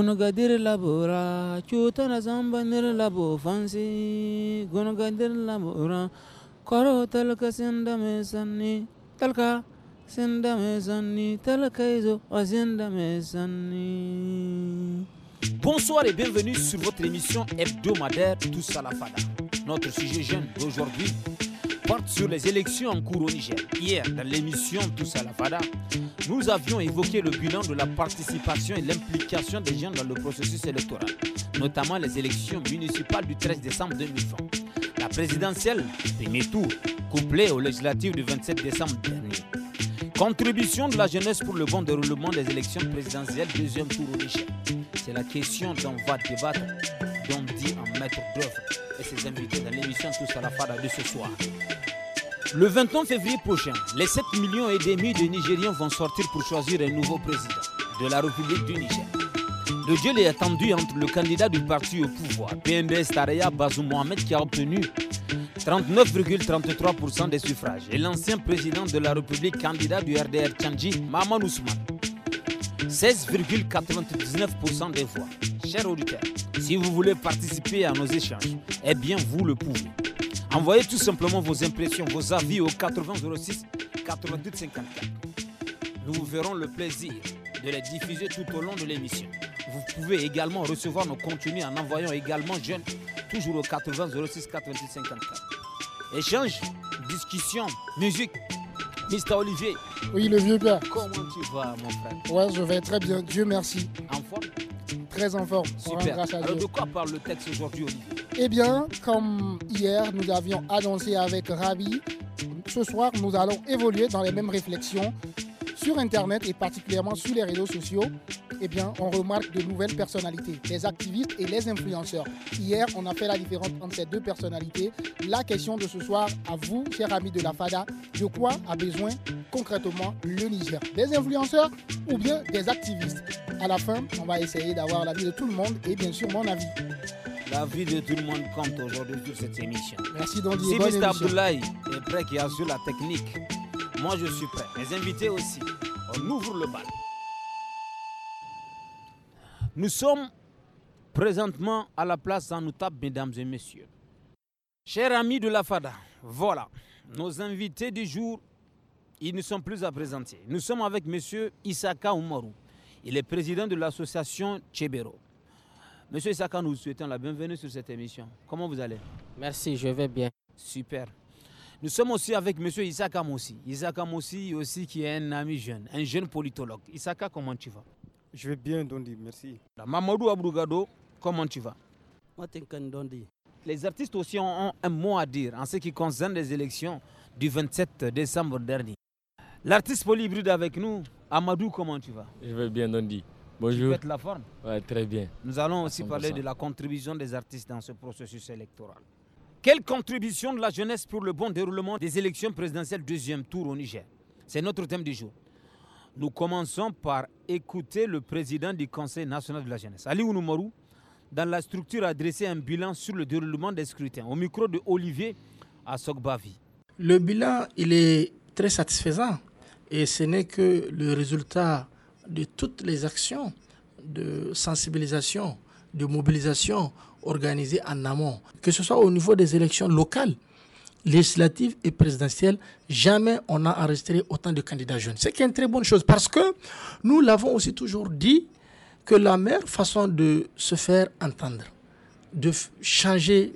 gonogadir labora cutana zambanir labo fansi gonogadir labora koro talka sindame sanni talka sindame sanni talka izo asindame sanni Bonsoir et bienvenue sur votre émission hebdomadaire Tous à la Fada. Notre sujet jeune d'aujourd'hui sur les élections en cours au Niger. Hier, dans l'émission Tous à la Fada, nous avions évoqué le bilan de la participation et l'implication des jeunes dans le processus électoral, notamment les élections municipales du 13 décembre 2020. La présidentielle, premier tour, couplée aux législatives du 27 décembre dernier. Contribution de la jeunesse pour le bon déroulement des élections présidentielles, deuxième tour au Niger. C'est la question dont va débattre, dont dit en maître d'œuvre et ses invités dans l'émission Tous à la Fada de ce soir. Le 21 février prochain, les 7 millions et demi de Nigériens vont sortir pour choisir un nouveau président de la République du Niger. Le duel est attendu entre le candidat du parti au pouvoir, PMBS Tareya Bazou Mohamed, qui a obtenu 39,33% des suffrages, et l'ancien président de la République, candidat du RDR Tchandji, Maman Ousmane, 16,99% des voix. Chers auditeurs, si vous voulez participer à nos échanges, eh bien vous le pouvez. Envoyez tout simplement vos impressions, vos avis au 80 06 Nous vous verrons le plaisir de les diffuser tout au long de l'émission. Vous pouvez également recevoir nos contenus en envoyant également jeunes, toujours au 80 06 Échange, discussion, musique. Mr. Olivier. Oui, le vieux père. Comment tu vas, mon frère Ouais, je vais très bien. Dieu merci. En forme Très en forme. Super. Alors, de quoi parle le texte aujourd'hui, Olivier eh bien, comme hier, nous avions annoncé avec Ravi, ce soir, nous allons évoluer dans les mêmes réflexions sur Internet et particulièrement sur les réseaux sociaux, eh bien, on remarque de nouvelles personnalités, les activistes et les influenceurs. Hier, on a fait la différence entre ces deux personnalités. La question de ce soir, à vous, chers amis de la FADA, de quoi a besoin concrètement le Niger Des influenceurs ou bien des activistes À la fin, on va essayer d'avoir l'avis de tout le monde et bien sûr mon avis la vie de tout le monde compte aujourd'hui sur cette émission. Merci Dandy. Si Mr. Abdoulaye est prêt, qui assure la technique, moi je suis prêt. Mes invités aussi. On ouvre le bal. Nous sommes présentement à la place en outable, mesdames et messieurs. Chers amis de la FADA, voilà, nos invités du jour, ils ne sont plus à présenter. Nous sommes avec M. Isaka Oumarou. Il est président de l'association Chebero. Monsieur Isaka, nous souhaitons la bienvenue sur cette émission. Comment vous allez Merci, je vais bien. Super. Nous sommes aussi avec Monsieur Isaka Moussi. Isaka Moussi aussi qui est un ami jeune, un jeune politologue. Isaka, comment tu vas Je vais bien, Dondi, merci. Mamadou Abrugado, comment tu vas Dondi. Les artistes aussi ont un mot à dire en ce qui concerne les élections du 27 décembre dernier. L'artiste polybride avec nous, Amadou, comment tu vas Je vais bien, Dondi. Bonjour. la forme. très bien. Nous allons aussi parler de la contribution des artistes dans ce processus électoral. Quelle contribution de la jeunesse pour le bon déroulement des élections présidentielles deuxième tour au Niger C'est notre thème du jour. Nous commençons par écouter le président du Conseil national de la jeunesse, Ali Ounumaru, dans la structure adressée un bilan sur le déroulement des scrutins. Au micro de Olivier Assogbavi. Le bilan, il est très satisfaisant et ce n'est que le résultat de toutes les actions de sensibilisation, de mobilisation organisées en amont, que ce soit au niveau des élections locales, législatives et présidentielles, jamais on n'a enregistré autant de candidats jeunes. C'est une très bonne chose parce que nous l'avons aussi toujours dit que la meilleure façon de se faire entendre, de changer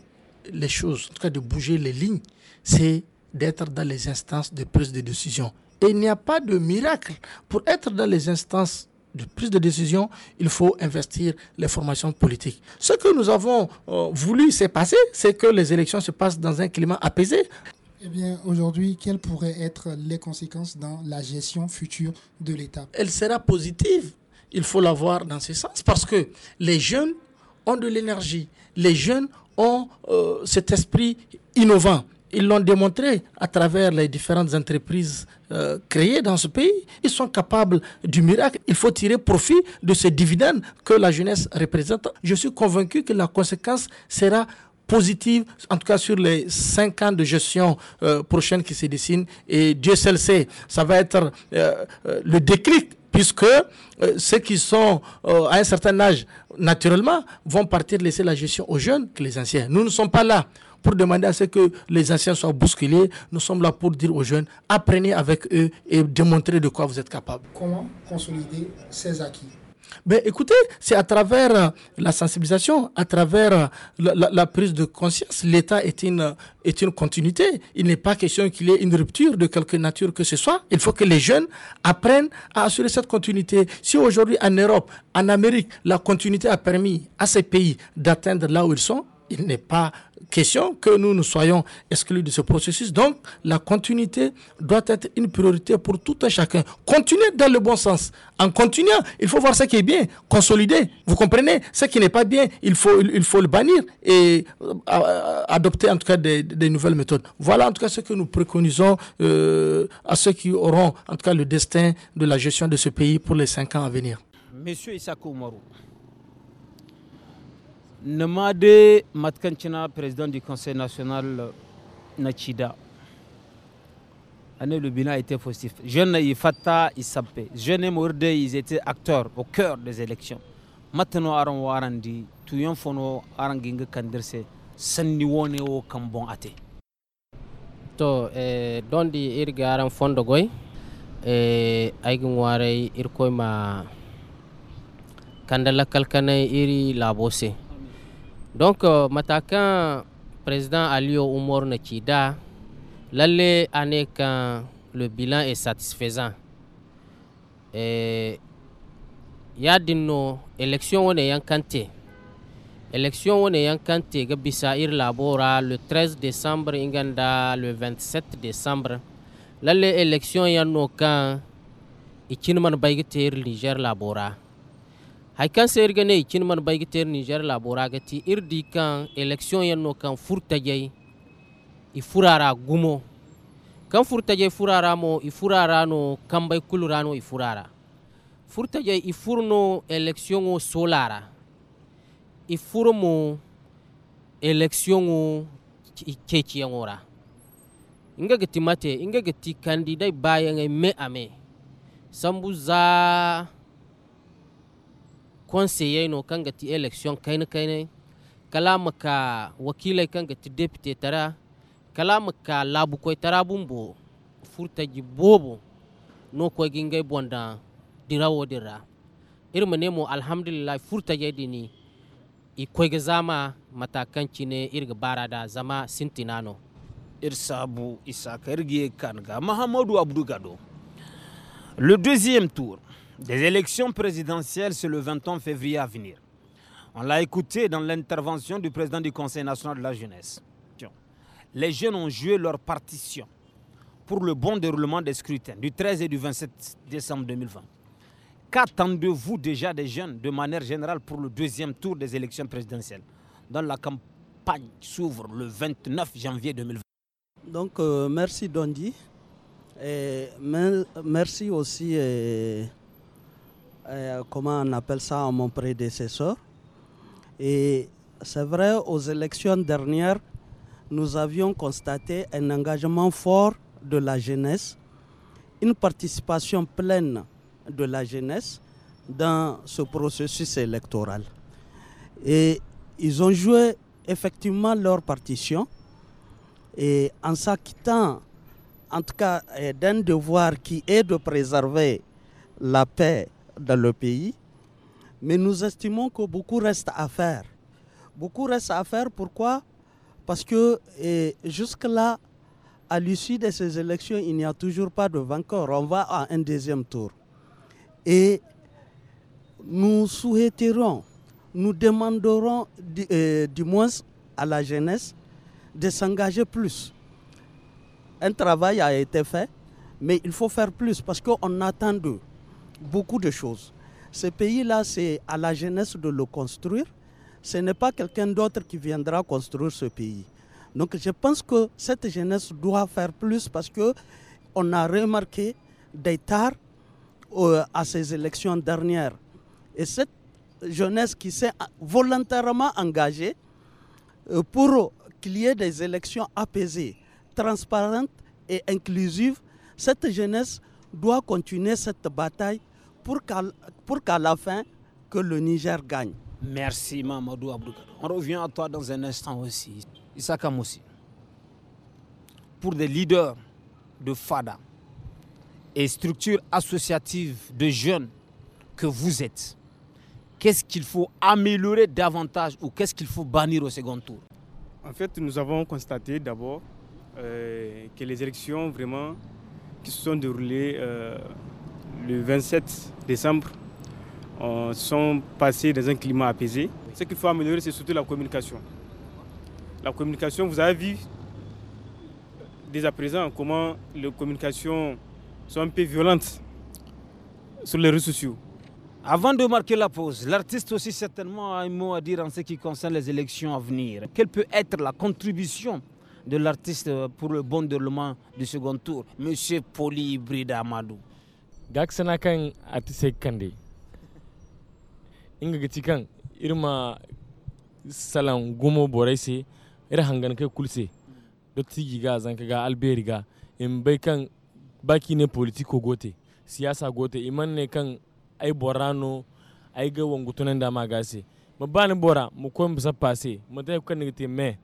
les choses, en tout cas de bouger les lignes, c'est d'être dans les instances de prise de décision. Et il n'y a pas de miracle. Pour être dans les instances de prise de décision, il faut investir les formations politiques. Ce que nous avons euh, voulu se passer, c'est que les élections se passent dans un climat apaisé. Eh bien, aujourd'hui, quelles pourraient être les conséquences dans la gestion future de l'État Elle sera positive. Il faut la voir dans ce sens parce que les jeunes ont de l'énergie. Les jeunes ont euh, cet esprit innovant. Ils l'ont démontré à travers les différentes entreprises euh, créés dans ce pays, ils sont capables du miracle. Il faut tirer profit de ces dividendes que la jeunesse représente. Je suis convaincu que la conséquence sera positive, en tout cas sur les cinq ans de gestion euh, prochaine qui se dessinent. Et Dieu seul sait, ça va être euh, le déclic puisque euh, ceux qui sont euh, à un certain âge, naturellement, vont partir laisser la gestion aux jeunes que les anciens. Nous ne sommes pas là pour demander à ce que les anciens soient bousculés. Nous sommes là pour dire aux jeunes, apprenez avec eux et démontrez de quoi vous êtes capable. Comment consolider ces acquis ben, Écoutez, c'est à travers euh, la sensibilisation, à travers euh, la, prise de conscience, l'État est une, euh, est une continuité. Il n'est pas question qu'il y ait une rupture de quelque nature que ce soit. Il faut que les jeunes apprennent à assurer cette continuité. Si aujourd'hui en Europe, en Amérique, la continuité a permis à ces pays d'atteindre là où ils sont, il n'est pas question que nous nous soyons exclus de ce processus. Donc, la continuité doit être une priorité pour tout un chacun. Continuer dans le bon sens. En continuant, il faut voir ce qui est bien, consolider. Vous comprenez Ce qui n'est pas bien, il faut, il, faut le bannir et euh, adopter en tout cas des, nouvelles méthodes. Voilà en tout cas ce que nous préconisons euh, à ceux qui auront en tout cas le destin de la gestion de ce pays pour les cinq ans à venir. Monsieur Isako Namade Matkanchina, président du Conseil national Nachida. Année le bilan était Jeune Ifata, Isapé. Jeune Mourde, ils étaient acteurs au cœur des élections. Maintenant, Aran Warandi, Sandiwone au Kambon Ate. To, eh, Dondi Irga Aran Fondogoy, eh, Aigun Irkoima Kandala Kalkane Iri Labose donc uh, président Alio umor nechida lalle année quand le bilan est satisfaisant et ya dinno élection est yankante élection on est ga bisa ir labora le 13 décembre inganda le 27 décembre lalle élection yanno kan ikinman baygite ir labora haikan sergane kinman baigiter niger ti irdi kan election yanno kan furtajey i furara gumo kan furta furtajey furara mo i furara no kambay kulurano i furara furtajey i furno election o solara i furmo election o kechi yangora inga gati mate inga gati candidat bayange me ame sambuza conseiller no kan gati election kaini kaini kala maka wakilai kan gati deputy tara kala maka labu koy tara bumbo furta ji bobo no koi gingai bonda dirawo dira irma nemo alhamdulillah furta dini i koy ga zama matakanci ne irga barada zama sintinano irsabu isa irgiye kan ga mahamadu abdu gado le deuxième tour des élections présidentielles, c'est le 21 février à venir. On l'a écouté dans l'intervention du président du Conseil national de la jeunesse. Les jeunes ont joué leur partition pour le bon déroulement des scrutins du 13 et du 27 décembre 2020. Qu'attendez-vous déjà des jeunes de manière générale pour le deuxième tour des élections présidentielles dont la campagne s'ouvre le 29 janvier 2020 Donc euh, merci Dondi et merci aussi. Euh, euh, comment on appelle ça, à mon prédécesseur. Et c'est vrai, aux élections dernières, nous avions constaté un engagement fort de la jeunesse, une participation pleine de la jeunesse dans ce processus électoral. Et ils ont joué effectivement leur partition et en s'acquittant en tout cas euh, d'un devoir qui est de préserver la paix dans le pays, mais nous estimons que beaucoup reste à faire. Beaucoup reste à faire, pourquoi Parce que jusque-là, à l'issue de ces élections, il n'y a toujours pas de vainqueur. On va à un deuxième tour. Et nous souhaiterons, nous demanderons du, euh, moins à la jeunesse de s'engager plus. Un travail a été fait, mais il faut faire plus parce qu'on attend d'eux beaucoup de choses. Ce pays-là, c'est à la jeunesse de le construire. Ce n'est pas quelqu'un d'autre qui viendra construire ce pays. Donc je pense que cette jeunesse doit faire plus parce que on a remarqué des tards euh, à ces élections dernières. Et cette jeunesse qui s'est volontairement engagée euh, pour qu'il y ait des élections apaisées, transparentes et inclusives, cette jeunesse doit continuer cette bataille pour qu'à la fin, que le Niger gagne. Merci Mamadou Abdoukar. On revient à toi dans un instant aussi. Issa Kamoussi, pour des leaders de FADA et structures associatives de jeunes que vous êtes, qu'est-ce qu'il faut améliorer davantage ou qu'est-ce qu'il faut bannir au second tour En fait, nous avons constaté d'abord euh, que les élections, vraiment, qui se sont déroulées euh, le 27 décembre euh, sont passés dans un climat apaisé. Ce qu'il faut améliorer, c'est surtout la communication. La communication, vous avez vu dès à présent comment les communications sont un peu violentes sur les réseaux sociaux. Avant de marquer la pause, l'artiste aussi certainement a un mot à dire en ce qui concerne les élections à venir. Quelle peut être la contribution de l'artiste pour le bon déroulement du second tour, Monsieur Poli Hybride Amadou. Gaksana kan atise Inga gati irma Salam gumo boraise ira hangan kai kulse. Dotti giga zanka ga alberi ga kan politiko gote siyasa gote iman kan ai borano ai wangutunan dama gase. Mabani bora mu koyi mu sapase me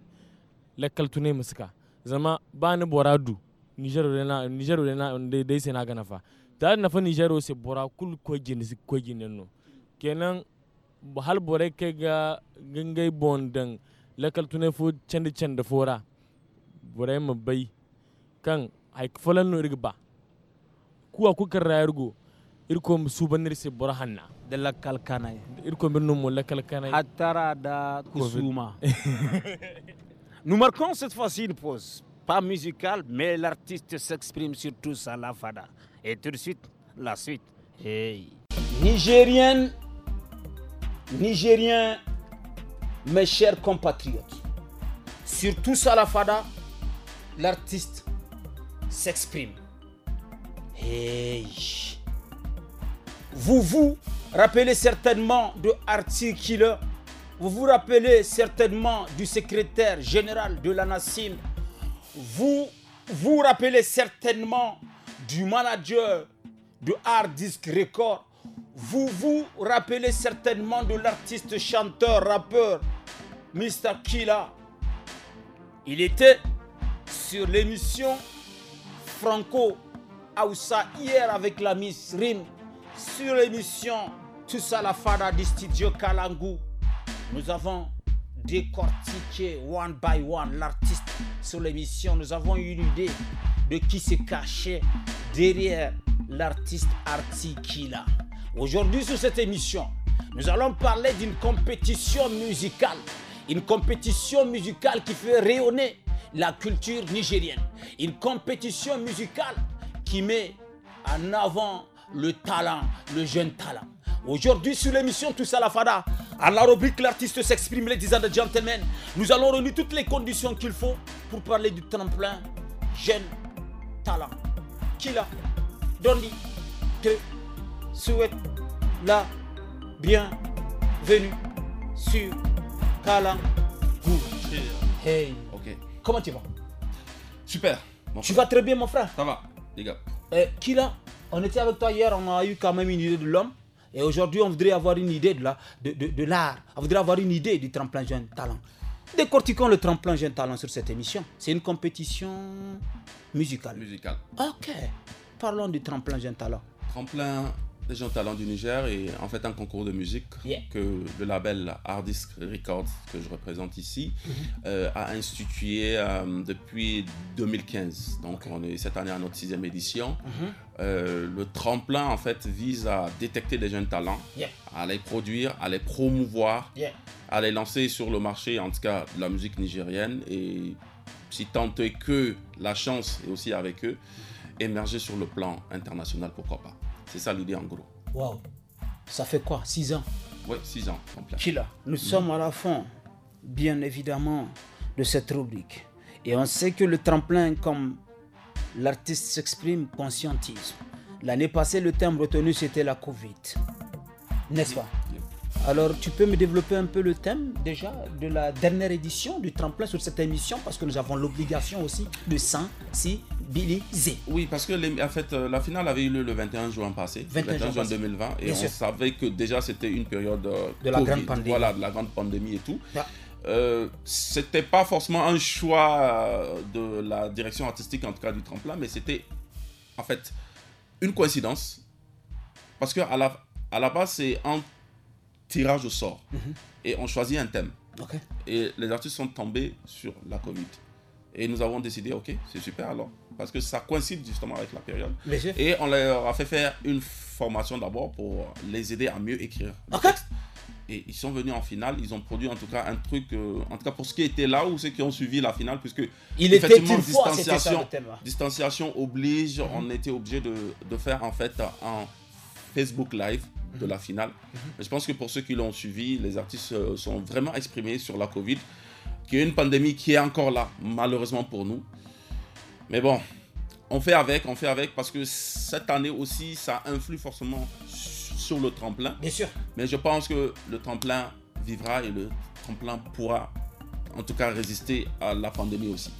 lekkal tune musika zama bani boradu niger rena niger rena de sai sena gana fa ta na fa niger se bora kul ko gin ko gin no kenan hal bore ke ga gangai bondan lekkal tune fu candi candi fora bore mu bai kan ai falan no irgba kuwa kukar rayargo irko banir sai bora hanna da lakkal kanai irko birnin mu lakkal kanai hattara da kusuma Nous marquons cette fois-ci une pause, pas musicale, mais l'artiste s'exprime surtout tout la Et tout de suite, la suite. Hey. Nigérienne, Nigérien, mes chers compatriotes, Sur tout la l'artiste s'exprime. Vous vous rappelez certainement de Killer. Vous vous rappelez certainement du secrétaire général de la NACIM. Vous vous rappelez certainement du manager de Hard Disk Record. Vous vous rappelez certainement de l'artiste chanteur rappeur Mr. Killa. Il était sur l'émission Franco Aoussa hier avec la Miss Rim sur l'émission Tout la Fada du studio Kalangu. Nous avons décortiqué one by one l'artiste sur l'émission. Nous avons une idée de qui se cachait derrière l'artiste Artikila. Aujourd'hui sur cette émission, nous allons parler d'une compétition musicale. Une compétition musicale qui fait rayonner la culture nigérienne. Une compétition musicale qui met en avant le talent, le jeune talent. Aujourd'hui, sur l'émission Tous à la Fada, à la rubrique L'artiste s'exprime, les disant de gentlemen, nous allons réunir toutes les conditions qu'il faut pour parler du tremplin jeune talent. Kila, Donny, te souhaite la bienvenue sur Kalangou. Hey. Ok. Comment tu vas Super. tu vas très bien, mon frère Ça va, les gars. Eh, Kila, on était avec toi hier, on a eu quand même une idée de l'homme. Et aujourd'hui, on voudrait avoir une idée de l'art. de, de, on voudrait avoir une idée du tremplin jeune talent. Décortiquons le tremplin jeune talent sur cette émission. C'est une compétition musicale. Musicale. Ok. Parlons du tremplin jeune talent. Tremplin Jeunes talents du Niger et en fait un concours de musique que le label Hardisk Records que je représente ici mhm. euh, a institué euh, depuis 2015. Donc on est cette année à notre sixième édition. Mhm. Euh, le tremplin en fait vise à détecter des jeunes talents, à les produire, à les promouvoir, à les lancer sur le marché en tout cas de la musique nigérienne et si tant est que la chance est aussi avec eux, émerger sur le plan international pourquoi pas. C'est ça l'idée en gros. Waouh Ça fait quoi 6 ans Oui, 6 ans. Chila, nous mm. sommes à la fin, bien évidemment, de cette rubrique. Et on sait que le tremplin, comme l'artiste s'exprime, conscientise. L'année passée, le thème retenu, c'était la Covid. N'est-ce pas mm. alors, tu peux me développer un peu le thème déjà de la dernière édition du tremplin sur cette émission parce que nous avons l'obligation aussi de Si oui, parce que en fait, euh, la finale avait eu lieu le 21 juin passé, 21, juin 2020, et on savait que déjà c'était une période euh, de la grande pandémie. Voilà, de la grande pandémie et tout. Euh, c'était pas forcément un choix euh, de la direction artistique, en tout cas du tremplin, mais c'était en fait une coïncidence. Parce que à la, base, c'est un tirage au sort. Mhm. Et on choisit un thème. Et les artistes sont tombés sur la Covid. Et nous avons décidé, ok, c'est super alors parce que ça coïncide justement avec la période. Et on leur a fait faire une formation d'abord pour les aider à mieux écrire. Et ils sont venus en finale, ils ont produit en tout cas un truc, euh, en tout cas pour ce qui était là ou ceux qui ont suivi la finale, puisque il était fois, distanciation, hein. distanciation oblige, mhm. on était obligé de, faire en fait un Facebook Live de mhm. la finale. Mhm. Je pense que pour ceux qui l'ont suivi, les artistes euh, sont vraiment exprimés sur la Covid, qui est une pandémie qui est encore là, malheureusement pour nous. Mais bon, on fait avec, on fait avec, parce que cette année aussi, ça influe forcément sur le tremplin. Bien sûr. Mais je pense que le tremplin vivra et le tremplin pourra, en tout cas, résister à la pandémie aussi.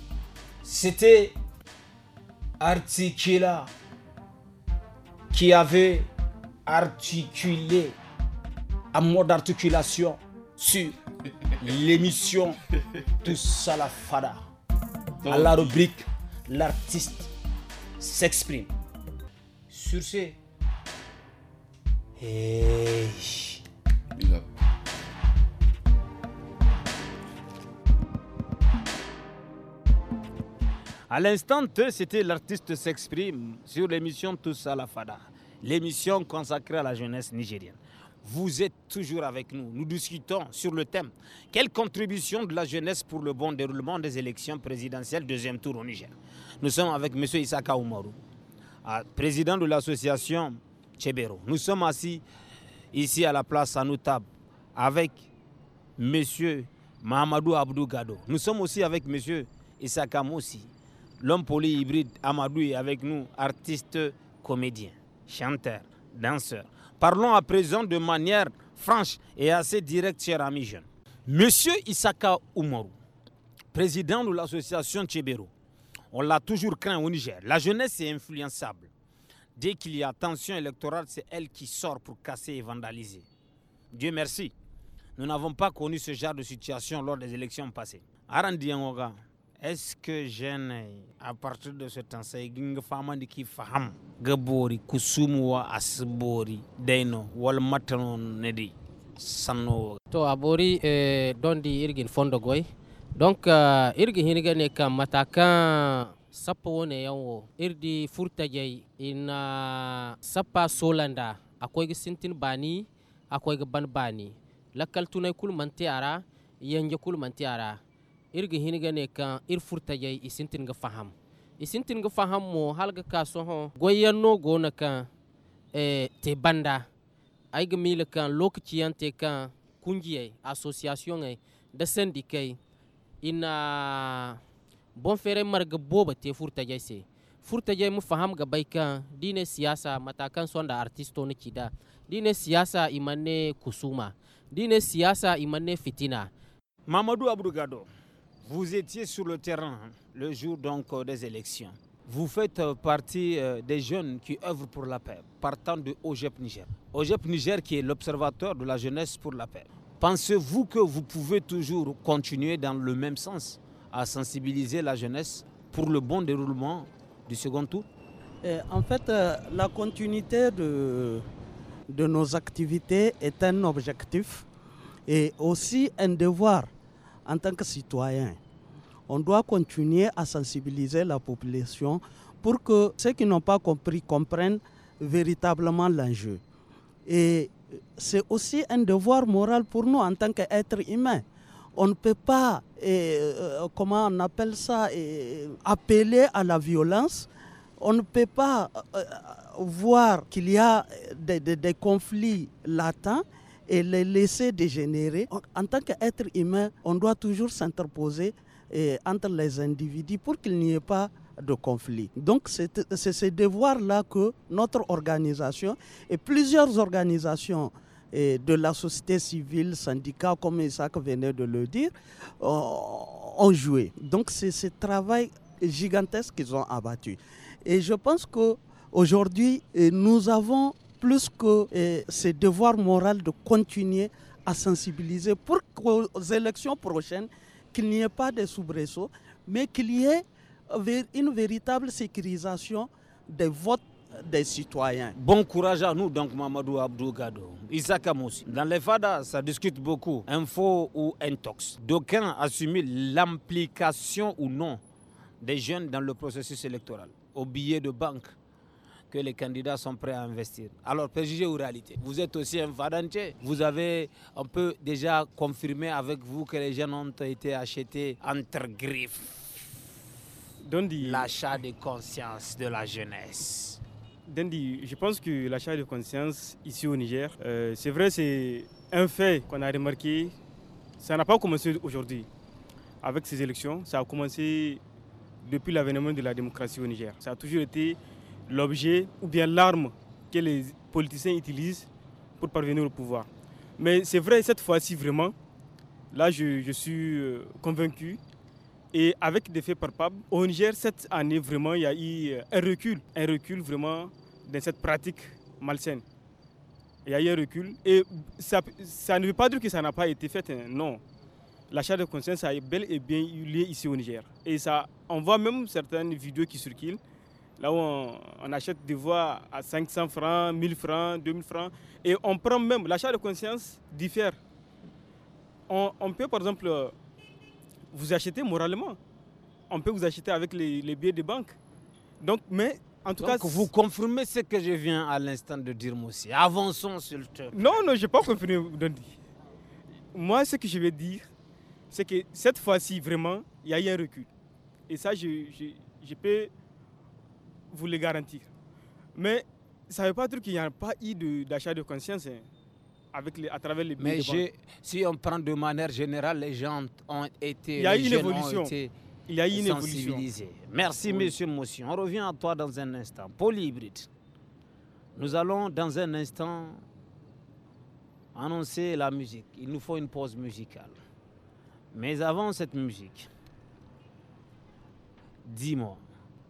C'était Articula qui avait articulé un mot d'articulation sur l'émission de Salafada à la rubrique l'artiste s'exprime. Sur ce, A À l'instant c'était l'artiste s'exprime sur l'émission Tous à la Fada, l'émission consacrée à la jeunesse nigérienne vous êtes toujours avec nous. Nous discutons sur le thème Quelle contribution de la jeunesse pour le bon déroulement des élections présidentielles deuxième tour au Niger Nous sommes avec M. Isaka Oumarou, ah, président de l'association Chebero. Nous sommes assis ici à la place à nos tables avec M. Mahamadou Abdou Gado. Nous sommes aussi avec M. Isaka Moussi, l'homme polyhybride Amadou et avec nous, artiste, comédien, chanteur, danseur. Parlons à présent de manière franche et assez directe, chers amis jeunes. Monsieur Isaka Oumarou, président de l'association Tchébéro, on l'a toujours craint au Niger. La jeunesse est influençable. Dès qu'il y a tension électorale, c'est elle qui sort pour casser et vandaliser. Dieu merci, nous n'avons pas connu ce genre de situation lors des élections passées est-ce que jeune à partir de ce temps sai ginga fama da ki faham ga bori asbori deno wal matano nedi sanno to abori e dondi irgin fondo goy donc uh, eh, irgi hinigane eh, kam matakan sappo wone yanwo irdi furta jey ina sappa solanda akoy ga bani akoy ga ban bani Lakal tunay kul manti ara kul irga hingane kan ir furtajay isintin ga faham isintin ga faham mo halga no e te banda ay ga kan association ay ina bon fere marga boba te furtajay se furtajay mu faham ga dine siyasa matakan sonda artisto ni dine siyasa imane kusuma dine siyasa imane fitina mamadou abdou vous étiez sur le terrain hein, le jour donc euh, des élections. Vous faites euh, partie euh, des jeunes qui œuvrent pour la paix, partant de OGEP Niger. OGEP Niger qui est l'observateur de la jeunesse pour la paix. Pensez-vous que vous pouvez toujours continuer dans le même sens à sensibiliser la jeunesse pour le bon déroulement du second tour En fait, la continuité de, de nos activités est un objectif et aussi un devoir en tant que citoyen on doit continuer à sensibiliser la population pour que ceux qui n'ont pas compris comprennent véritablement l'enjeu. Et c'est aussi un devoir moral pour nous en tant qu'êtres humains. On ne peut pas, euh, comment on appelle ça, appeler à la violence. On ne peut pas euh, voir qu'il y a des, des conflits latents et les laisser dégénérer. En tant qu'être humain, on doit toujours s'interposer entre les individus pour qu'il n'y ait pas de conflit. Donc c'est ces devoirs là que notre organisation et plusieurs organisations et de la société civile, syndicats, comme Isaac venait de le dire, euh, ont joué. Donc c'est ce travail gigantesque qu'ils ont abattu. Et je pense qu'aujourd'hui, nous avons plus que ces devoirs moral de continuer à sensibiliser pour qu'aux élections prochaines, qu'il n'y ait pas de soubresauts, mais qu'il y ait une véritable sécurisation des votes des citoyens. Bon courage à nous, donc, Mamadou Abdou Gado. Isaac Amoussi. Dans les FADA, ça discute beaucoup, info ou intox. D'aucuns assument l'implication ou non des jeunes dans le processus électoral, au billet de banque, que les candidats sont prêts à investir. Alors, préjugé ou réalité Vous êtes aussi un Vadanche. Vous avez un peu déjà confirmé avec vous que les jeunes ont été achetés entre griffes. L'achat de conscience de la jeunesse. Dendi, je pense que l'achat de conscience ici au Niger, euh, c'est vrai, c'est un fait qu'on a remarqué. Ça n'a pas commencé aujourd'hui avec ces élections. Ça a commencé depuis l'avènement de la démocratie au Niger. Ça a toujours été l'objet ou bien l'arme que les politiciens utilisent pour parvenir au pouvoir. Mais c'est vrai, cette fois-ci, vraiment, là, je, je suis euh, convaincu. Et avec des faits palpables, au Niger, cette année, vraiment, il y a eu euh, un recul, un recul vraiment dans cette pratique malsaine. Il y a eu un recul. Et ça, ça ne veut pas dire que ça n'a pas été fait, hein. non non. L'achat de conscience a bel et bien eu lieu ici au Niger. Et ça, on voit même certaines vidéos qui circulent là où on, achète des voix à 500 francs, 1000 francs, 2000 francs, et on prend même, l'achat de conscience diffère. On, peut par exemple vous acheter moralement, on peut vous acheter avec les, billets des banques. Donc, mais en tout Donc cas, vous confirmez ce que je viens à l'instant de dire, aussi. Avançons sur le thème. Non, non, je n'ai pas confirmé, Moi, ce que je vais dire, c'est que cette fois-ci, vraiment, il y a eu un recul. Et ça, je peux vous les garantir. Mais ça ne veut pas dire qu'il n'y a pas eu d'achat de, conscience hein, avec les, à travers les Mais si on prend de manière générale, les gens ont été. Il y a eu une évolution. Il y a une évolution. Merci, monsieur Motion. On revient à toi dans un instant. Polyhybride. Nous allons dans un instant annoncer la musique. Il nous faut une pause musicale. Mais avant cette musique, dis-moi,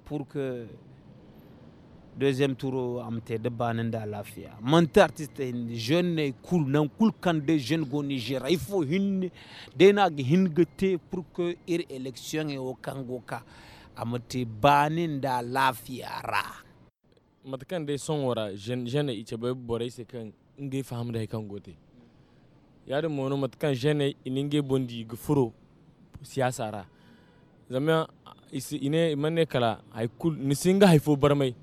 pour que deuxième tour am te de banin da lafiya mont artiste jeune cool nan cool kan de jeune go nigeria il faut hin de na hin gete pour que ir élection e o kangoka ka am te banin da lafiya ra matkan de son wora jeune jeune ice be bore se kan faham da kan gote ya de mono matkan jeune ininge bondi gfuro siyasa ra zama ine manne kala ay cool singa hay fo barmai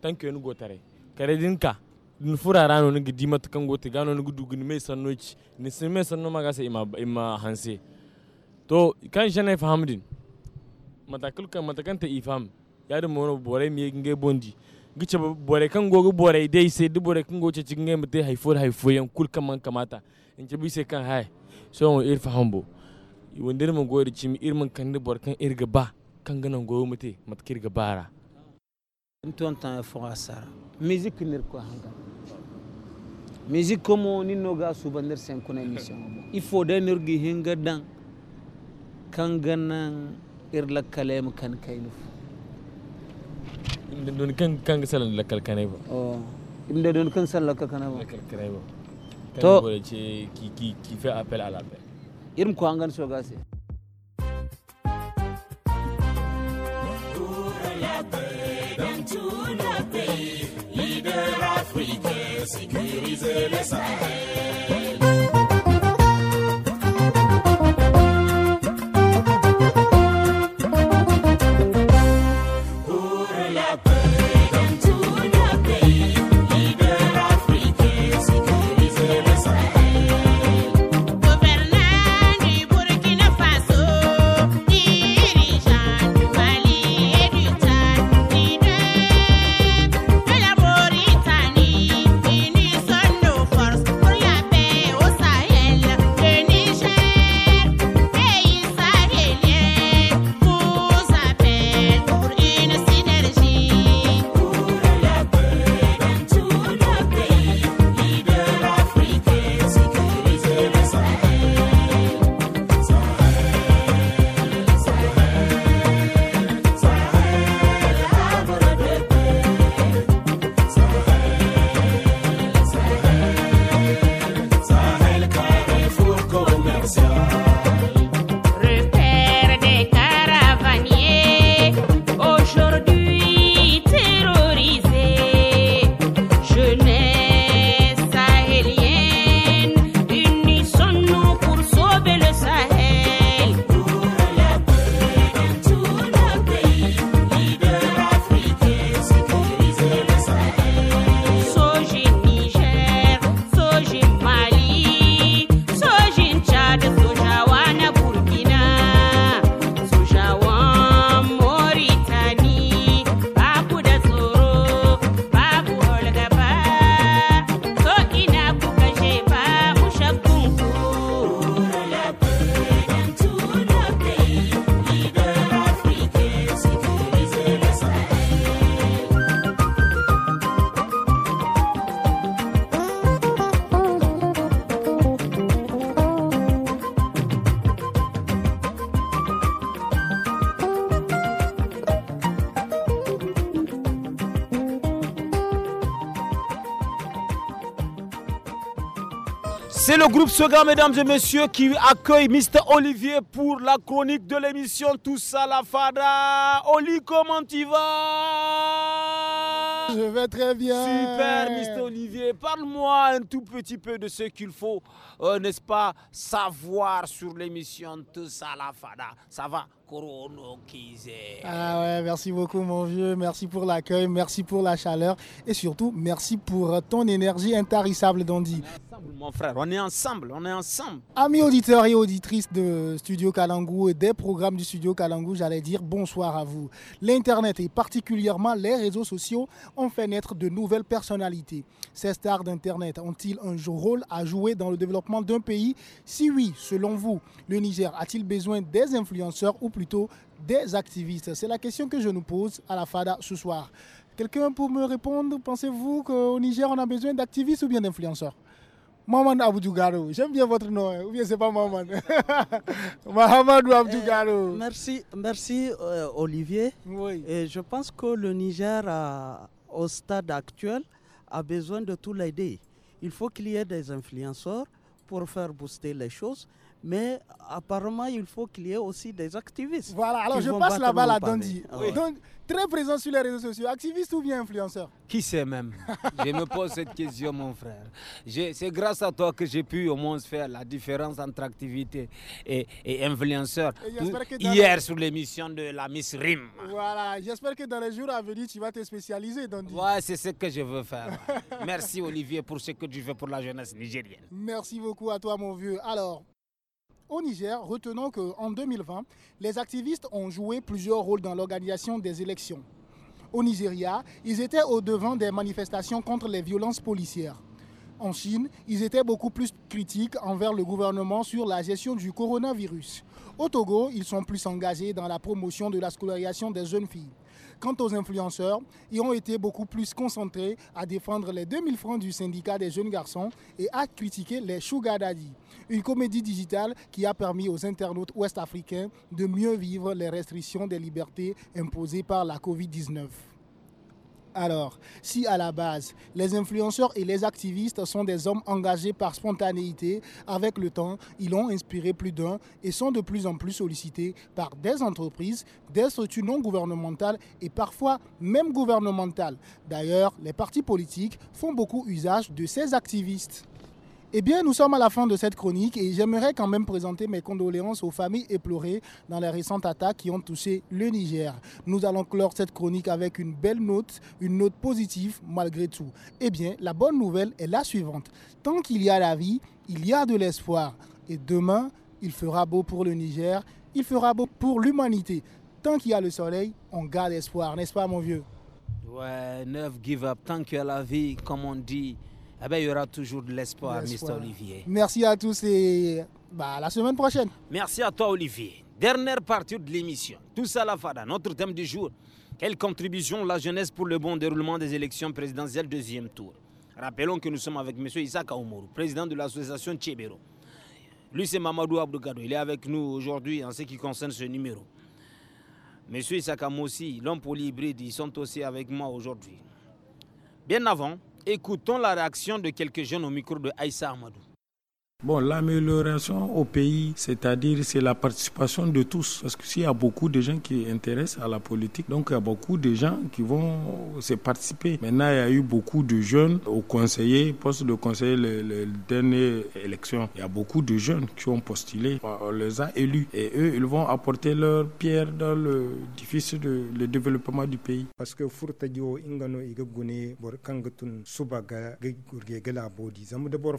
tanke ni go tare kare dinka fura rano ni gidi kan gote gano ni gudu gini mai sanno ci ni sun sanno ma gasa ima ima hanse to kan shi faham din matakul kan ifam ya de mono bore mi ngai bondi gice bore kan gogo bore dai sai du bore kan goce cikin hay hay kul kan kamata in bi se kan hay so on ir fahambo wanda ci mi ir irman kan da bor kan irga ba kan ganan goyo bara ntontan foga sara nir ko hanga musique komo ninno ga subandir sen kuna émission il faut de nir gi hinga dan kanganan irla kalem kan don kan kan salan la kalkane ba don kan salan la oh. to ki ki ki appel la paix irin ko hangan so gasi. sécuriser les Sahel. le groupe Soga, mesdames et messieurs, qui accueille Mr. Olivier pour la chronique de l'émission Tous à la Fada. Oli, comment tu vas Je vais très bien. Super, Mr. Olivier. Parle-moi un tout petit peu de ce qu'il faut, euh, n'est-ce pas, savoir sur l'émission Tous à la Fada. Ça va ah ouais, merci beaucoup mon vieux, merci pour l'accueil, merci pour la chaleur et surtout merci pour ton énergie intarissable Dondi mon frère. On est ensemble, on est ensemble. Amis auditeurs et auditrices de Studio Kalangou et des programmes du Studio Kalangou, j'allais dire bonsoir à vous. L'Internet et particulièrement les réseaux sociaux ont fait naître de nouvelles personnalités. Ces stars d'Internet ont-ils un rôle à jouer dans le développement d'un pays Si oui, selon vous, le Niger a-t-il besoin des influenceurs ou plutôt des activistes C'est la question que je nous pose à la FADA ce soir. Quelqu'un pour me répondre, pensez-vous qu'au Niger, on a besoin d'activistes ou bien d'influenceurs Maman Abdou J'aime bien votre nom, hein, ou bien c'est pas Maman. Mohamed Abdou eh, merci, merci euh, Olivier. Et je pense que le Niger, euh, au stade actuel, a besoin de tout l'aider. Il faut qu'il y ait des influenceurs pour faire booster les choses. Mais apparemment, il faut qu'il y ait aussi des activistes. Voilà, alors je passe la balle à Dandy. Ah Donc, très présent sur les réseaux sociaux, activiste ou bien influenceur Qui sait même Je me pose cette question, mon frère. C'est grâce à toi que j'ai pu au moins faire la différence entre activité et, influenceur. hier, sur l'émission de la Miss Rim. Voilà, j'espère que dans les jours à venir, tu vas te spécialiser, Dandy. Ouais, c'est ce que je veux faire. Merci, Olivier, pour ce que tu fais pour la jeunesse nigérienne. Merci beaucoup à toi, mon vieux. Alors, au Niger, retenons qu'en 2020, les activistes ont joué plusieurs rôles dans l'organisation des élections. Au Nigeria, ils étaient au devant des manifestations contre les violences policières. En Chine, ils étaient beaucoup plus critiques envers le gouvernement sur la gestion du coronavirus. Au Togo, ils sont plus engagés dans la promotion de la scolarisation des jeunes filles. Quant aux influenceurs, ils ont été beaucoup plus concentrés à défendre les 2000 francs du syndicat des jeunes garçons et à critiquer les Sugar Daddy, une comédie digitale qui a permis aux internautes ouest-africains de mieux vivre les restrictions des libertés imposées par la COVID-19. Alors, si à la base, les influenceurs et les activistes sont des hommes engagés par spontanéité, avec le temps, ils ont inspiré plus d'un et sont de plus en plus sollicités par des entreprises, des structures non gouvernementales et parfois même gouvernementales. D'ailleurs, les partis politiques font beaucoup usage de ces activistes. Eh bien, nous sommes à la fin de cette chronique et j'aimerais quand même présenter mes condoléances aux familles éplorées dans les récentes attaques qui ont touché le Niger. Nous allons clore cette chronique avec une belle note, une note positive malgré tout. Eh bien, la bonne nouvelle est la suivante. Tant qu'il y a la vie, il y a de l'espoir. Et demain, il fera beau pour le Niger, il fera beau pour l'humanité. Tant qu'il y a le soleil, on garde espoir, n'est-ce pas mon vieux Ouais, give up, tant qu'il y a la vie, comme on dit eh il y aura toujours de l'espoir, Mr. Olivier. Merci à tous et bah, à la semaine prochaine. Merci à toi, Olivier. Dernière partie de l'émission. Tout ça la fada. Notre thème du jour. Quelle contribution la jeunesse pour le bon déroulement des élections présidentielles deuxième tour Rappelons que nous sommes avec M. Isaac Oumourou, président de l'association Tchébero. Lui, c'est Mamadou Abdoukado. Il est avec nous aujourd'hui en ce qui concerne ce numéro. Monsieur Isaac aussi, l'homme polyhybride, ils sont aussi avec moi aujourd'hui. Bien avant, Écoutons la réaction de quelques jeunes au micro de Aïssa Amadou. Bon, l'amélioration au pays, c'est-à-dire c'est la participation de tous, parce que s'il y a beaucoup de gens qui intéressent à la politique, donc il y a beaucoup de gens qui vont se participer. Maintenant, il y a eu beaucoup de jeunes au conseiller, poste de conseiller, les, dernier dernières élections. Il y a beaucoup de jeunes qui ont postulé, on les a élus, et eux, ils vont apporter leur pierre dans le difficile de le développement du pays. Parce que Ingano Borkangatun, Subaga, d'abord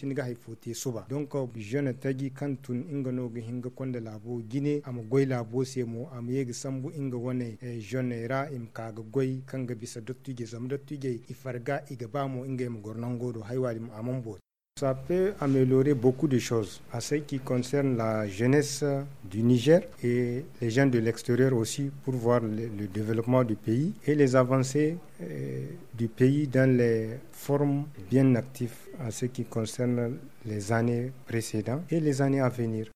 singa hay fote suba donc euh, jeune tagi kantun inga no ga hinga konda labo gine am goy labo semo mo am yeg sambu inga wone eh, jeune ra im kaga goy kanga bisa dottige zam dottige ifarga iga bamo inga im gornango do haywali am amambo Ça peut améliorer beaucoup de choses à ce qui concerne la jeunesse du Niger et les gens de l'extérieur aussi pour voir le, le, développement du pays et les avancées euh, du pays dans les formes bien actives à ce qui concerne les années précédentes et les années à venir.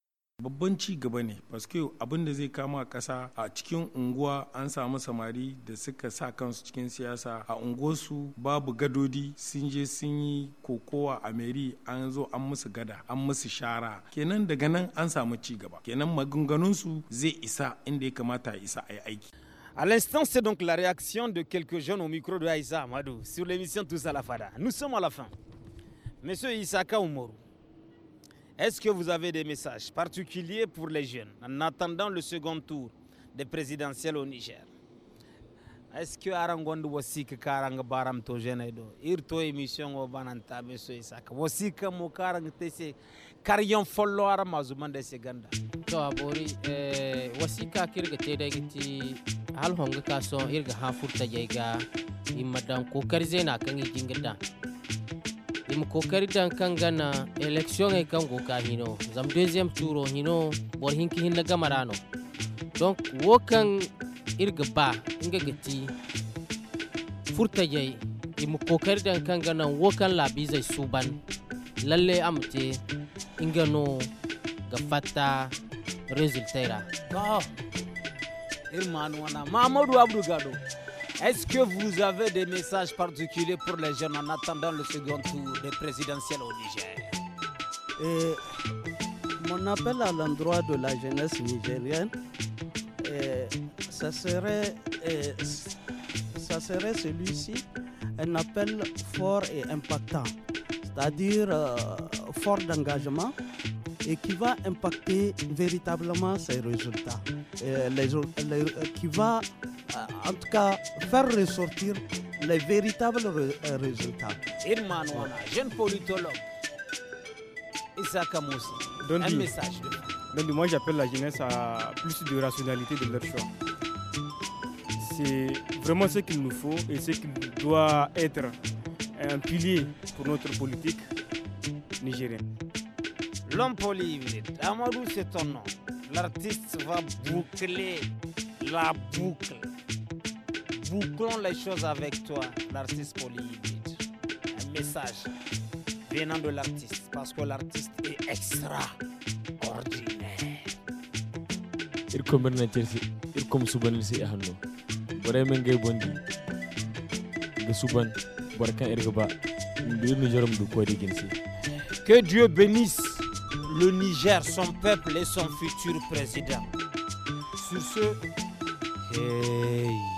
babban ci gaba ne paske abin da zai kama kasa a cikin unguwa an samu samari da suka sa kansu cikin siyasa a unguwarsu babu gadodi sun je sun yi kokowa a meri an zo an musu gada an musu shara kenan daga nan an samu ci gaba kenan maganganunsu zai isa inda ya kamata ya isa a yi aiki À l'instant, c'est donc la réaction de quelques jeunes au micro de Isa Amadou sur l'émission Tous à la Fada. Nous sommes à la fin. Monsieur Isaka Oumourou, est-ce que vous avez des messages particuliers pour les jeunes en attendant le second tour des présidentielles au Niger est-ce que arangondu wasika karanga baram to jene do irto émission au bananta Monsieur isaka wasika mo karanga tese karyon follow ara mazuman de se ganda to abori eh wasika kirga te da giti hal honga kaso irga hafurta jayga imadan ko karze na kan jinga dan kangana election e kango ka hino zam deuxième tour hino bor hinki hinna gamarano donc wokan irga ba inga gati furta jai dan kangana wokan la zai suban lalle amte inga no ga fata resultaira ba irmanu wana mamadu abdu gado Est-ce que vous avez des messages particuliers pour les jeunes en attendant le second tour des présidentielles au Niger euh, Mon appel à l'endroit de la jeunesse nigérienne, euh, ça serait, euh, ça serait celui-ci, un appel fort et impactant, c'est-à-dire fort d'engagement et qui va impacter véritablement ses résultats, qui va en tout cas faire ressortir les véritables euh, résultats. Irman jeune politologue, Isaac un message donc moi j'appelle la jeunesse à plus de rationalité de leur choix. C'est vraiment ce qu'il nous faut et ce qui doit être un pilier pour notre politique nigérienne. L'homme polyvalent, Amadou c'est ton nom. L'artiste va boucler la boucle bouclons les choses avec toi, l'artiste polyhybride. Un message venant de l'artiste, parce que l'artiste est extraordinaire. que dieu bénisse le niger son peuple et son futur président sur ce hey